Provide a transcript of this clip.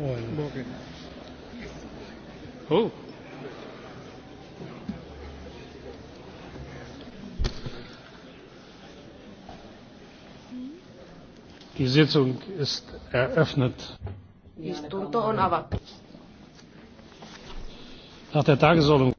Morgen. Oh. Die Sitzung ist eröffnet. Istunto on avattu. Nach der Tagesordnung